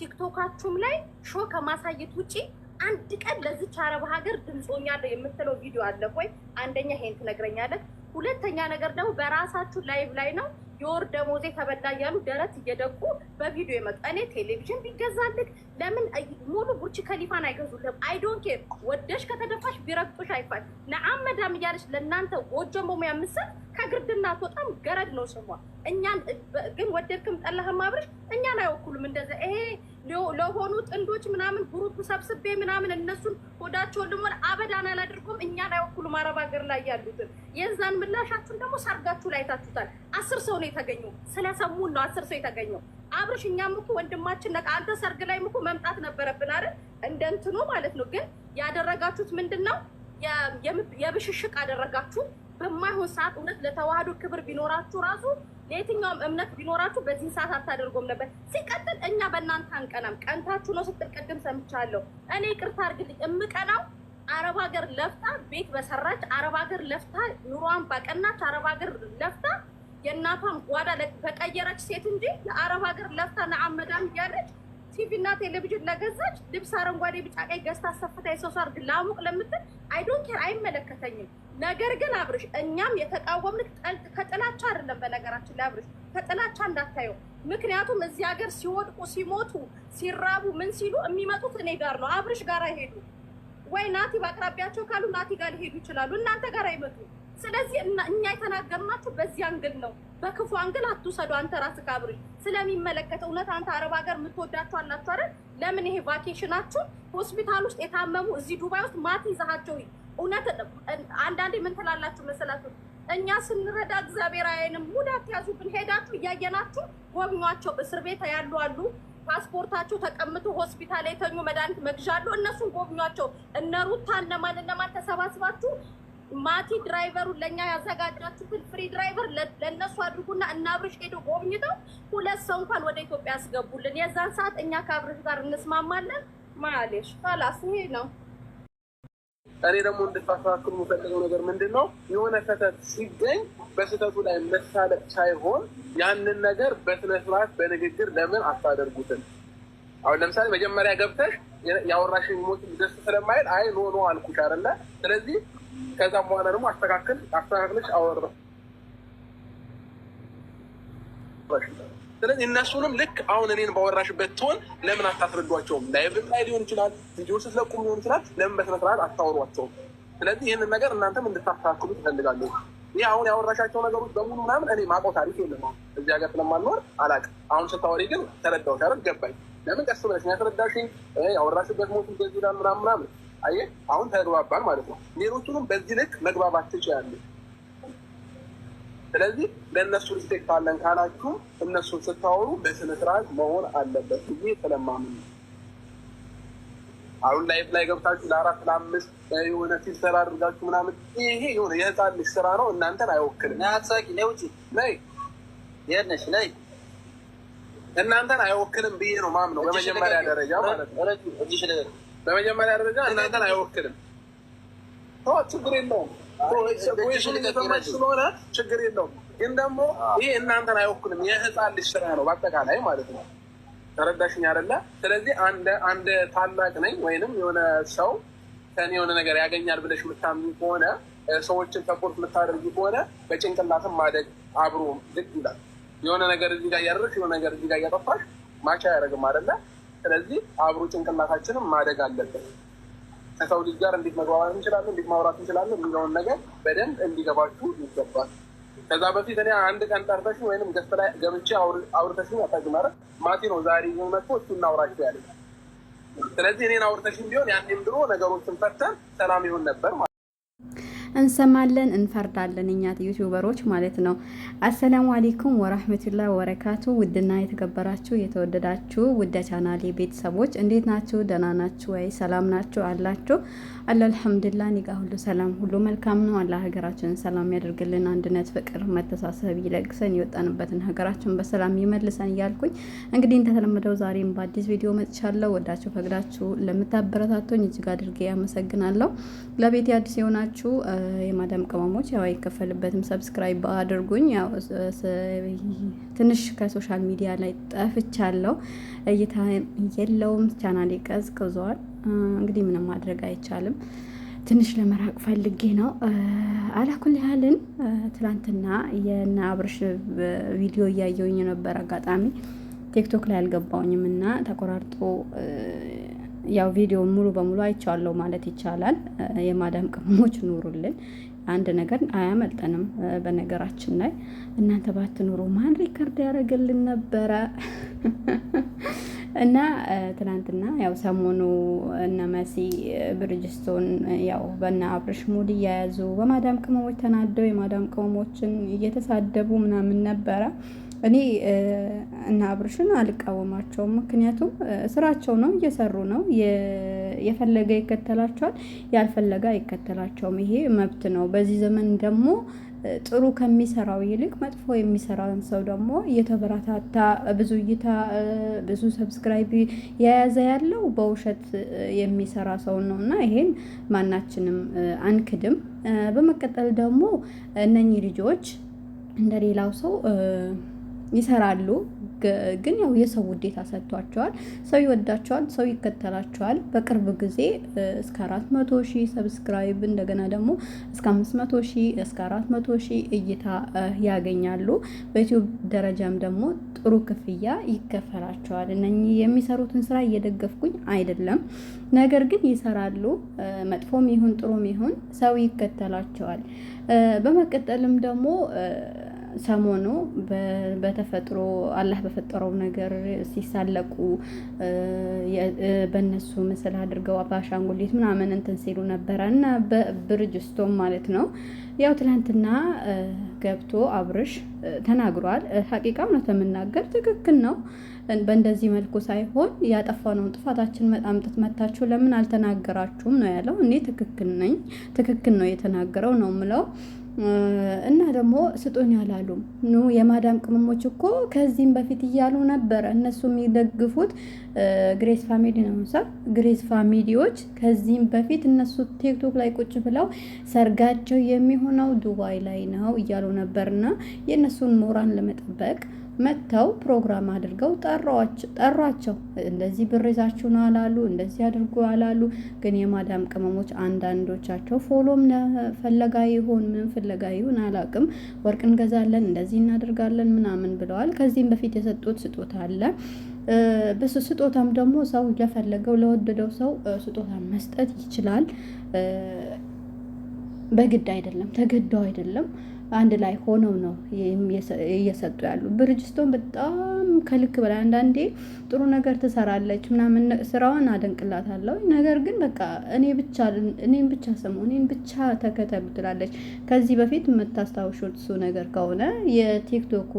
ቲክቶካችሁም ላይ ሾ ከማሳየት ውጪ አንድ ቀን ለዚች አረብ ሀገር ድምፆኛለሁ የምትለው ቪዲዮ አለ ወይ? አንደኛ ይሄን ትነግረኛለህ። ሁለተኛ ነገር ደግሞ በራሳችሁ ላይቭ ላይ ነው የወር ደሞዜ ተበላ እያሉ ደረት እየደቁ በቪዲዮ የመጣ ቴሌቪዥን ቢገዛልህ ለምን ሙሉ ቡርች ከሊፋን አይገዙልህም? አይዶን ኬር ወደሽ ከተደፋሽ ቢረግጡሽ አይፋል ለአመዳም እያለች ለእናንተ ጎጆ መሙያ ምስል ግርድ እናት በጣም ገረድ ነው ስሟ። እኛን ግን ወደድክም ጠላህም አብረሽ እኛን አይወኩሉም። እንደዚ ይሄ ለሆኑ ጥንዶች ምናምን ግሩፕ ሰብስቤ ምናምን እነሱን ሆዳቸውን ልሞን አበዳን አላደርጎም። እኛን አይወኩሉም። አረብ ሀገር ላይ ያሉትን የዛን ምላሻችሁን ደግሞ ሰርጋችሁ ላይ ታችሁታል። አስር ሰው ነው የተገኘው። ስለሰሙን ነው አስር ሰው የተገኘው። አብርሽ እኛም እኮ ወንድማችን ነቃ። አንተ ሰርግ ላይ እኮ መምጣት ነበረብን አይደል? እንደ ማለት ነው። ግን ያደረጋችሁት ምንድን ነው? የብሽሽቅ አደረጋችሁ። በማይሆን ሰዓት እውነት ለተዋህዶ ክብር ቢኖራችሁ ራሱ ለየትኛውም እምነት ቢኖራችሁ በዚህን ሰዓት አታደርጎም ነበር። ሲቀጥል እኛ በእናንተ አንቀናም። ቀንታችሁ ነው ስትል ቅድም ሰምቻለሁ። እኔ ቅርታ አድርግልኝ እምቀናው አረብ ሀገር ለፍታ ቤት በሰራች አረብ ሀገር ለፍታ ኑሯን ባቀናች አረብ ሀገር ለፍታ የእናቷን ጓዳ በቀየረች ሴት እንጂ ለአረብ ሀገር ለፍታ ለአመዳም እያለች ቲቪ እና ቴሌቪዥን ለገዛች ልብስ አረንጓዴ፣ ቢጫ፣ ቀይ ገዝታ አሰፍታ የሰው ሰርግ ላሙቅ ለምትል አይ ዶንት ኬር አይመለከተኝም። ነገር ግን አብርሽ እኛም የተቃወምንክ ከጥላቻ አይደለም። በነገራችን ላይ አብርሽ ከጥላቻ እንዳታየው። ምክንያቱም እዚህ ሀገር ሲወድቁ ሲሞቱ ሲራቡ ምን ሲሉ የሚመጡት እኔ ጋር ነው፣ አብርሽ ጋር አይሄዱ ወይ ናቲ በአቅራቢያቸው ካሉ ናቲ ጋር ሊሄዱ ይችላሉ። እናንተ ጋር አይመጡ ስለዚህ እኛ የተናገርናችሁ በዚህ አንግል ነው። በክፉ አንግል አትውሰዱ። አንተ ራስ ካብሪ ስለሚመለከተው እውነት አንተ አረብ ሀገር የምትወዳችሁ አላችሁ አይደል? ለምን ይሄ ቫኬሽናችሁ ሆስፒታል ውስጥ የታመሙ እዚህ ዱባይ ውስጥ ማት ይዛሃቸው። እውነት አንዳንዴ ምን ትላላችሁ መሰላችሁ? እኛ ስንረዳ እግዚአብሔር አይንም ሙድ አትያዙብን። ሄዳችሁ እያየናችሁ ጎብኟቸው። እስር ቤት ያሉ አሉ ፓስፖርታቸው ተቀምጦ ሆስፒታል የተኙ መድኃኒት መግዣ አሉ። እነሱን ጎብኟቸው። እነ ሩታ እነማን እነማን ተሰባስባችሁ ማቲ ድራይቨሩን ለእኛ ያዘጋጃችሁትን ፍሪ ድራይቨር ለእነሱ አድርጉና እና አብርሽ ሄዶ ጎብኝተው ሁለት ሰው እንኳን ወደ ኢትዮጵያ ያስገቡልን። የዛን ሰዓት እኛ ከአብርሽ ጋር እንስማማለን። ማሌሽ ላስ ይሄ ነው። እኔ ደግሞ እንድታስተካክሉ የምፈልገው ነገር ምንድን ነው፣ የሆነ ስህተት ሲገኝ በስህተቱ ላይ መሳለቅ ሳይሆን ያንን ነገር በስነስርዓት በንግግር ለምን አታደርጉትም? አሁን ለምሳሌ መጀመሪያ ገብተሽ ያወራሽን ሞት ደስ ስለማይል አይ ኖ ኖ አልኩሽ አይደለ? ስለዚህ ከዛም በኋላ ደግሞ አስተካክል አስተካክለች አወራ። ስለዚህ እነሱንም ልክ አሁን እኔን ባወራሽበት ትሆን ለምን አታስረዷቸውም? ላይቭም ላይ ሊሆን ይችላል፣ ቪዲዮ ስትለቁም ሊሆን ይችላል። ለምን በስነስርዓት አታወሯቸውም? ስለዚህ ይህንን ነገር እናንተም እንድታስተካክሉ ትፈልጋለሁ። ይህ አሁን ያወራሻቸው ነገሮች በሙሉ ምናምን እኔ ማቆ ታሪክ የለም። እዚህ ሀገር ስለማልኖር አላውቅም። አሁን ስታወሪ ግን ተረዳሁሽ አይደል? ገባኝ። ለምን ቀስ ብለሽ ያስረዳሽኝ ያወራሽበት ሞቱ ገዚዳን ምናምን ምናምን አየ አሁን ተግባባን ማለት ነው። ሌሎቹንም በዚህ ልክ መግባባት ትችላለህ። ስለዚህ ለእነሱ ሪስፔክት አለን ካላችሁ እነሱን ስታወሩ በስነስርዓት መሆን አለበት ብዬ ስለማምን ነው። አሁን ላይፍ ላይ ገብታችሁ ለአራት ለአምስት የሆነ ሲሰራ አድርጋችሁ ምናምን ይሄ የሆነ የህፃን ልጅ ስራ ነው፣ እናንተን አይወክልም። ናሳቂ ነውጭ ላይ የነሽ ላይ እናንተን አይወክልም ብዬ ነው ማምነው በመጀመሪያ ደረጃ ማለት ነው። በመጀመሪያ ደረጃ እናንተን አይወክልም። ችግር የለውም ስለሆነ ችግር የለውም። ግን ደግሞ ይህ እናንተን አይወክልም። የህፃን ልጅ ስራ ነው በአጠቃላይ ማለት ነው። ተረዳሽኝ አይደለ? ስለዚህ አንድ ታላቅ ነኝ ወይንም የሆነ ሰው ከኔ የሆነ ነገር ያገኛል ብለሽ የምታምኝ ከሆነ ሰዎችን ሰፖርት የምታደርጉ ከሆነ በጭንቅላትም ማደግ አብሮ ዝግ ይላል። የሆነ ነገር እዚህ ጋር እያደረግሽ የሆነ ነገር እዚህ ጋር እያጠፋሽ ማቻ አያደርግም አይደለ? ስለዚህ አብሮ ጭንቅላታችንም ማደግ አለብን። ከሰው ልጅ ጋር እንዴት መግባባት እንችላለን፣ እንዴት ማውራት እንችላለን የሚለውን ነገር በደንብ እንዲገባችሁ ይገባል። ከዛ በፊት እኔ አንድ ቀን ጠርተሽ ወይም ገስ ላይ ገብቼ አውርተሽ ያታጅ ማቲ ነው ዛሬ መጥቶ እሱ እናውራቸው ያለ። ስለዚህ እኔን አውርተሽም ቢሆን ያንም ድሮ ነገሮችን ፈተን ሰላም ይሆን ነበር ማለት እንሰማለን፣ እንፈርዳለን እኛ ዩቲዩበሮች ማለት ነው። አሰላሙ አሌይኩም ወራህመቱላ ወረካቱ። ውድና የተከበራችሁ የተወደዳችሁ ውድ ቻናሌ ቤተሰቦች እንዴት ናችሁ? ደህና ናችሁ ወይ? ሰላም ናችሁ አላችሁ? አላ አልሐምዱላ ኒጋ ሁሉ ሰላም ሁሉ መልካም ነው። አላ ሀገራችንን ሰላም ያደርግልን፣ አንድነት፣ ፍቅር፣ መተሳሰብ ይለግሰን፣ የወጣንበትን ሀገራችን በሰላም ይመልሰን እያልኩኝ እንግዲህ እንደተለመደው ዛሬም በአዲስ ቪዲዮ መጥቻለሁ። ወዳችሁ ፈቅዳችሁ ለምታበረታቱኝ እጅግ አድርጌ ያመሰግናለሁ። ለቤት አዲስ የሆናችሁ የማዳም ቅመሞች ያው አይከፈልበትም። ሰብስክራይብ አድርጉኝ። ትንሽ ከሶሻል ሚዲያ ላይ ጠፍቻለሁ፣ እይታ የለውም፣ ቻናሌ ቀዝቅዟል። እንግዲህ ምንም ማድረግ አይቻልም። ትንሽ ለመራቅ ፈልጌ ነው። አላኩል ያህልን ትላንትና የእነ አብርሽ ቪዲዮ እያየውኝ ነበር። አጋጣሚ ቲክቶክ ላይ አልገባውኝም እና ተቆራርጦ ያው ቪዲዮን ሙሉ በሙሉ አይቼዋለሁ ማለት ይቻላል። የማዳም ቅመሞች ኑሩልን፣ አንድ ነገር አያመልጠንም። በነገራችን ላይ እናንተ ባትኖሩ ማን ሪከርድ ያደረግልን ነበረ? እና ትናንትና ያው ሰሞኑ እነ መሲ ብርጅስቶን ያው በእነ አብርሽ ሙድ እያያዙ በማዳም ቅመሞች ተናደው የማዳም ቅመሞችን እየተሳደቡ ምናምን ነበረ። እኔ እና አብርሽን አልቃወማቸውም። ምክንያቱም ስራቸው ነው፣ እየሰሩ ነው። የፈለገ ይከተላቸዋል፣ ያልፈለገ አይከተላቸውም። ይሄ መብት ነው። በዚህ ዘመን ደግሞ ጥሩ ከሚሰራው ይልቅ መጥፎ የሚሰራን ሰው ደግሞ እየተበረታታ ብዙ እይታ ብዙ ሰብስክራይብ የያዘ ያለው በውሸት የሚሰራ ሰው ነው እና ይሄን ማናችንም አንክድም። በመቀጠል ደግሞ እነኚህ ልጆች እንደሌላው ሰው ይሰራሉ። ግን ያው የሰው ውዴታ ሰጥቷቸዋል። ሰው ይወዳቸዋል፣ ሰው ይከተላቸዋል። በቅርብ ጊዜ እስከ አራት መቶ ሺህ ሰብስክራይብ እንደገና ደግሞ እስከ አምስት መቶ ሺህ እስከ አራት መቶ ሺህ እይታ ያገኛሉ። በዩቲዩብ ደረጃም ደግሞ ጥሩ ክፍያ ይከፈላቸዋል። እነኚህ የሚሰሩትን ስራ እየደገፍኩኝ አይደለም፣ ነገር ግን ይሰራሉ። መጥፎም ይሁን ጥሩም ይሁን ሰው ይከተላቸዋል። በመቀጠልም ደግሞ ሰሞኑ በተፈጥሮ አላህ በፈጠረው ነገር ሲሳለቁ በእነሱ ምስል አድርገው በአሻንጉሊት ምናምን እንትን ሲሉ ነበረ እና በብርጅስቶን ማለት ነው። ያው ትናንትና ገብቶ አብርሽ ተናግሯል። ሀቂቃም ነው ተምናገር ትክክል ነው። በእንደዚህ መልኩ ሳይሆን ያጠፋነውን ጥፋታችን መጣምጥት መታችሁ ለምን አልተናገራችሁም ነው ያለው። እኔ ትክክል ነኝ፣ ትክክል ነው የተናገረው ነው ምለው እና ደግሞ ስጡን ያላሉ ኑ የማዳም ቅመሞች እኮ ከዚህም በፊት እያሉ ነበረ እነሱ የሚደግፉት ግሬስ ፋሚሊ ነው ምሳ ግሬስ ፋሚሊዎች ከዚህም በፊት እነሱ ቲክቶክ ላይ ቁጭ ብለው ሰርጋቸው የሚሆነው ዱባይ ላይ ነው እያሉ ነበርና የእነሱን ሞራን ለመጠበቅ መጥተው ፕሮግራም አድርገው ጠሯቸው። እንደዚህ ብር ይዛችሁ ነው አላሉ፣ እንደዚህ አድርጉ አላሉ። ግን የማዳም ቅመሞች አንዳንዶቻቸው ፎሎም ፈለጋ ይሆን ምን ፍለጋ ይሁን አላቅም፣ ወርቅ እንገዛለን እንደዚህ እናደርጋለን ምናምን ብለዋል። ከዚህም በፊት የሰጡት ስጦታ አለ በሱ ስጦታም ደግሞ ሰው ለፈለገው ለወደደው ሰው ስጦታ መስጠት ይችላል። በግድ አይደለም፣ ተገደው አይደለም። አንድ ላይ ሆነው ነው እየሰጡ ያሉ። ብርጅስቶን በጣም ከልክ በላይ አንዳንዴ ጥሩ ነገር ትሰራለች ምናምን፣ ስራዋን አደንቅላታለሁ። ነገር ግን በቃ እኔ ብቻ እኔን ብቻ ስሙ፣ እኔን ብቻ ተከተሉ ትላለች። ከዚህ በፊት የምታስታውሹት ነገር ከሆነ የቲክቶኩ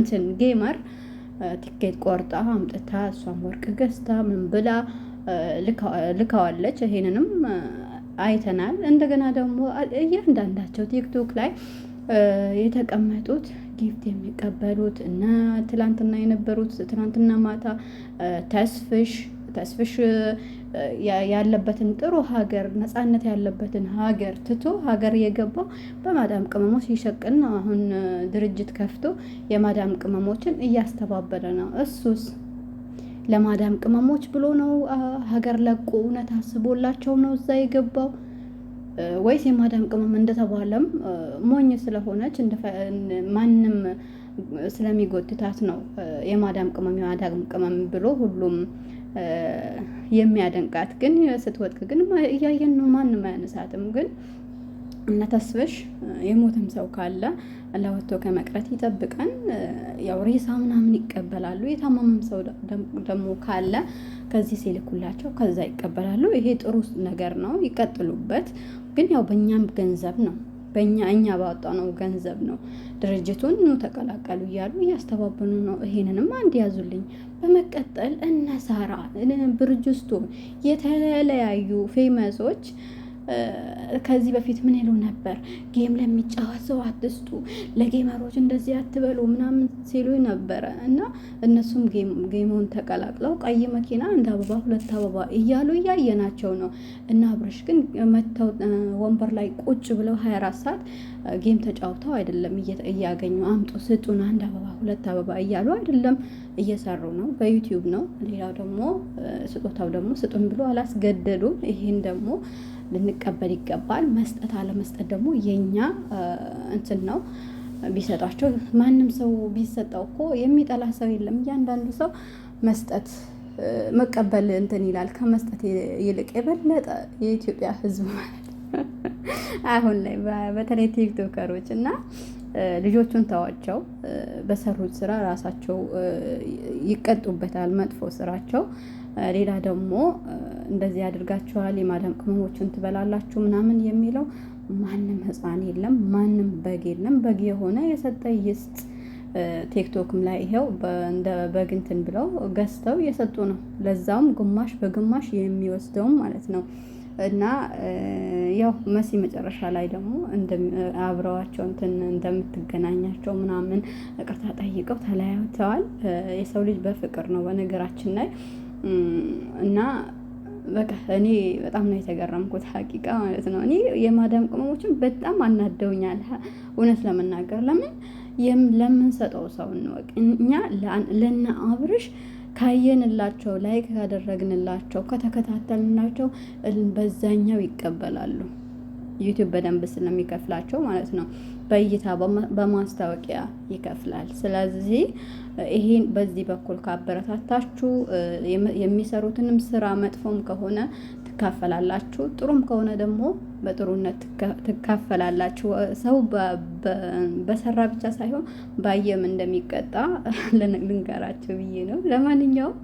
እንትን ጌመር ቲኬት ቆርጣ አምጥታ እሷም ወርቅ ገዝታ ምን ብላ ልካዋለች። ይሄንንም አይተናል። እንደገና ደግሞ እያንዳንዳቸው ቲክቶክ ላይ የተቀመጡት ጊፍት የሚቀበሉት እና ትላንትና የነበሩት ትላንትና ማታ ተስፍሽ ተስፍሽ ያለበትን ጥሩ ሀገር ነጻነት ያለበትን ሀገር ትቶ ሀገር የገባ በማዳም ቅመሞች ሲሸቅን አሁን ድርጅት ከፍቶ የማዳም ቅመሞችን እያስተባበለ ነው። እሱስ ለማዳም ቅመሞች ብሎ ነው ሀገር ለቆ እውነት አስቦላቸው ነው እዛ የገባው ወይስ የማዳም ቅመም እንደተባለም ሞኝ ስለሆነች ማንም ስለሚጎትታት ነው የማዳም ቅመም የማዳም ቅመም ብሎ ሁሉም የሚያደንቃት ግን ስትወጥቅ ግን እያየን ነው። ማንም አያነሳትም። ግን እነተስበሽ ተስበሽ የሞትም ሰው ካለ ለወጥቶ ከመቅረት ይጠብቀን። ያው ሬሳ ምናምን ይቀበላሉ። የታመመም ሰው ደግሞ ካለ ከዚህ ሲልኩላቸው ከዛ ይቀበላሉ። ይሄ ጥሩ ነገር ነው፣ ይቀጥሉበት። ግን ያው በእኛም ገንዘብ ነው በእኛ እኛ ነው ገንዘብ ነው ድርጅቱን ኑ ተቀላቀሉ እያሉ እያስተባበኑ ነው። ይሄንንም አንድ ያዙልኝ። በመቀጠል እነ ሳራ ብርጅስቱ የተለያዩ ፌመሶች ከዚህ በፊት ምን ይሉ ነበር? ጌም ለሚጫወት ሰው አትስጡ፣ ለጌመሮች እንደዚህ አትበሉ ምናምን ሲሉ ነበረ እና እነሱም ጌሙን ተቀላቅለው ቀይ መኪና እንደ አበባ ሁለት አበባ እያሉ እያየናቸው ነው። እና አብረሽ ግን መተው ወንበር ላይ ቁጭ ብለው ሀያ አራት ሰዓት ጌም ተጫውተው አይደለም እያገኙ አምጡ ስጡን አንድ አበባ ሁለት አበባ እያሉ አይደለም እየሰሩ ነው። በዩቲዩብ ነው። ሌላው ደግሞ ስጦታው ደግሞ ስጡን ብሎ አላስገደዱም። ይሄን ደግሞ ልንቀበል ይገባል። መስጠት አለመስጠት ደግሞ የኛ እንትን ነው። ቢሰጣቸው ማንም ሰው ቢሰጠው እኮ የሚጠላ ሰው የለም። እያንዳንዱ ሰው መስጠት መቀበል እንትን ይላል። ከመስጠት ይልቅ የበለጠ የኢትዮጵያ ሕዝብ ማለት አሁን ላይ በተለይ ቲክቶከሮች እና ልጆቹን ተዋቸው። በሰሩት ስራ ራሳቸው ይቀጡበታል፣ መጥፎ ስራቸው ሌላ ደግሞ እንደዚህ ያድርጋችኋል፣ የማዳም ቅመሞችን ትበላላችሁ ምናምን የሚለው ማንም ህፃን የለም፣ ማንም በግ የለም። በግ የሆነ የሰጠ ይስጥ። ቲክቶክም ላይ ይኸው እንደ በግ እንትን ብለው ገዝተው እየሰጡ ነው። ለዛውም ግማሽ በግማሽ የሚወስደውም ማለት ነው። እና ያው መሲ መጨረሻ ላይ ደግሞ አብረዋቸው እንትን እንደምትገናኛቸው ምናምን ይቅርታ ጠይቀው ተለያይተዋል። የሰው ልጅ በፍቅር ነው በነገራችን ላይ እና በቃ እኔ በጣም ነው የተገረምኩት ሀቂቃ ማለት ነው። እኔ የማዳም ቅመሞችን በጣም አናደውኛል እውነት ለመናገር ለምን ለምንሰጠው ሰው እንወቅ። እኛ ለነ አብርሽ ካየንላቸው፣ ላይክ ካደረግንላቸው፣ ከተከታተልንላቸው በዛኛው ይቀበላሉ ዩቲዩብ በደንብ ስለሚከፍላቸው ማለት ነው። በእይታ በማስታወቂያ ይከፍላል። ስለዚህ ይሄን በዚህ በኩል ካበረታታችሁ የሚሰሩትንም ስራ መጥፎም ከሆነ ትካፈላላችሁ፣ ጥሩም ከሆነ ደግሞ በጥሩነት ትካፈላላችሁ። ሰው በሰራ ብቻ ሳይሆን ባየም እንደሚቀጣ ልንገራችሁ ብዬ ነው። ለማንኛውም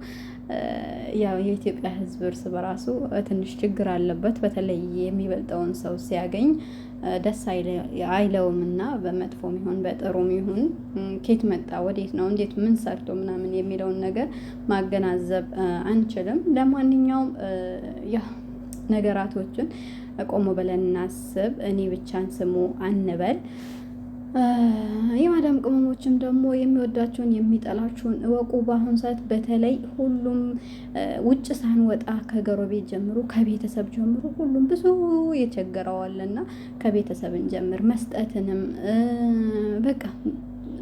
ያው የኢትዮጵያ ሕዝብ እርስ በራሱ ትንሽ ችግር አለበት። በተለይ የሚበልጠውን ሰው ሲያገኝ ደስ አይለውም እና በመጥፎም ይሁን በጥሩም ይሁን ኬት መጣ ወዴት ነው እንዴት ምን ሰርቶ ምናምን የሚለውን ነገር ማገናዘብ አንችልም። ለማንኛውም ያ ነገራቶችን ቆሞ ብለን እናስብ። እኔ ብቻን ስሙ አንበል። የማዳም ቅመሞችም ደግሞ የሚወዳቸውን የሚጠላቸውን እወቁ። በአሁኑ ሰዓት በተለይ ሁሉም ውጭ ሳንወጣ ከጎረቤት ጀምሮ ከቤተሰብ ጀምሮ ሁሉም ብዙ የቸገረዋልና ከቤተሰብን ጀምር መስጠትንም በቃ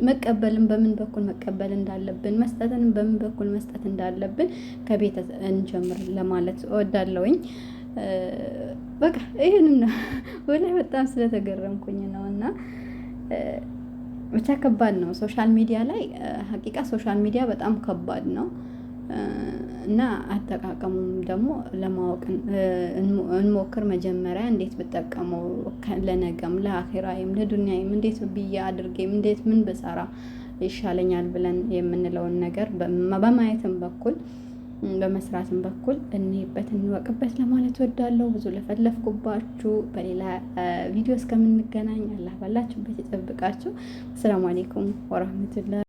መቀበልን በምን በኩል መቀበል እንዳለብን መስጠትንም በምን በኩል መስጠት እንዳለብን ከቤተሰብ እንጀምር ለማለት እወዳለሁኝ። በቃ ይህን ነው በጣም ስለተገረምኩኝ ነው እና ብቻ ከባድ ነው። ሶሻል ሚዲያ ላይ ሀቂቃ ሶሻል ሚዲያ በጣም ከባድ ነው እና አጠቃቀሙም ደግሞ ለማወቅ እንሞክር። መጀመሪያ እንዴት ብጠቀመው ለነገም ለአኼራይም ለዱንያይም እንዴት ብዬ አድርጌም እንዴት ምን ብሰራ ይሻለኛል ብለን የምንለውን ነገር በማየትም በኩል በመስራትም በኩል እንይበት እንወቅበት ለማለት ወዳለሁ። ብዙ ለፈለፍኩባችሁ። በሌላ ቪዲዮ እስከምንገናኝ አላህ ባላችሁበት ይጠብቃችሁ። አሰላሙ አሌይኩም ወረህመቱላ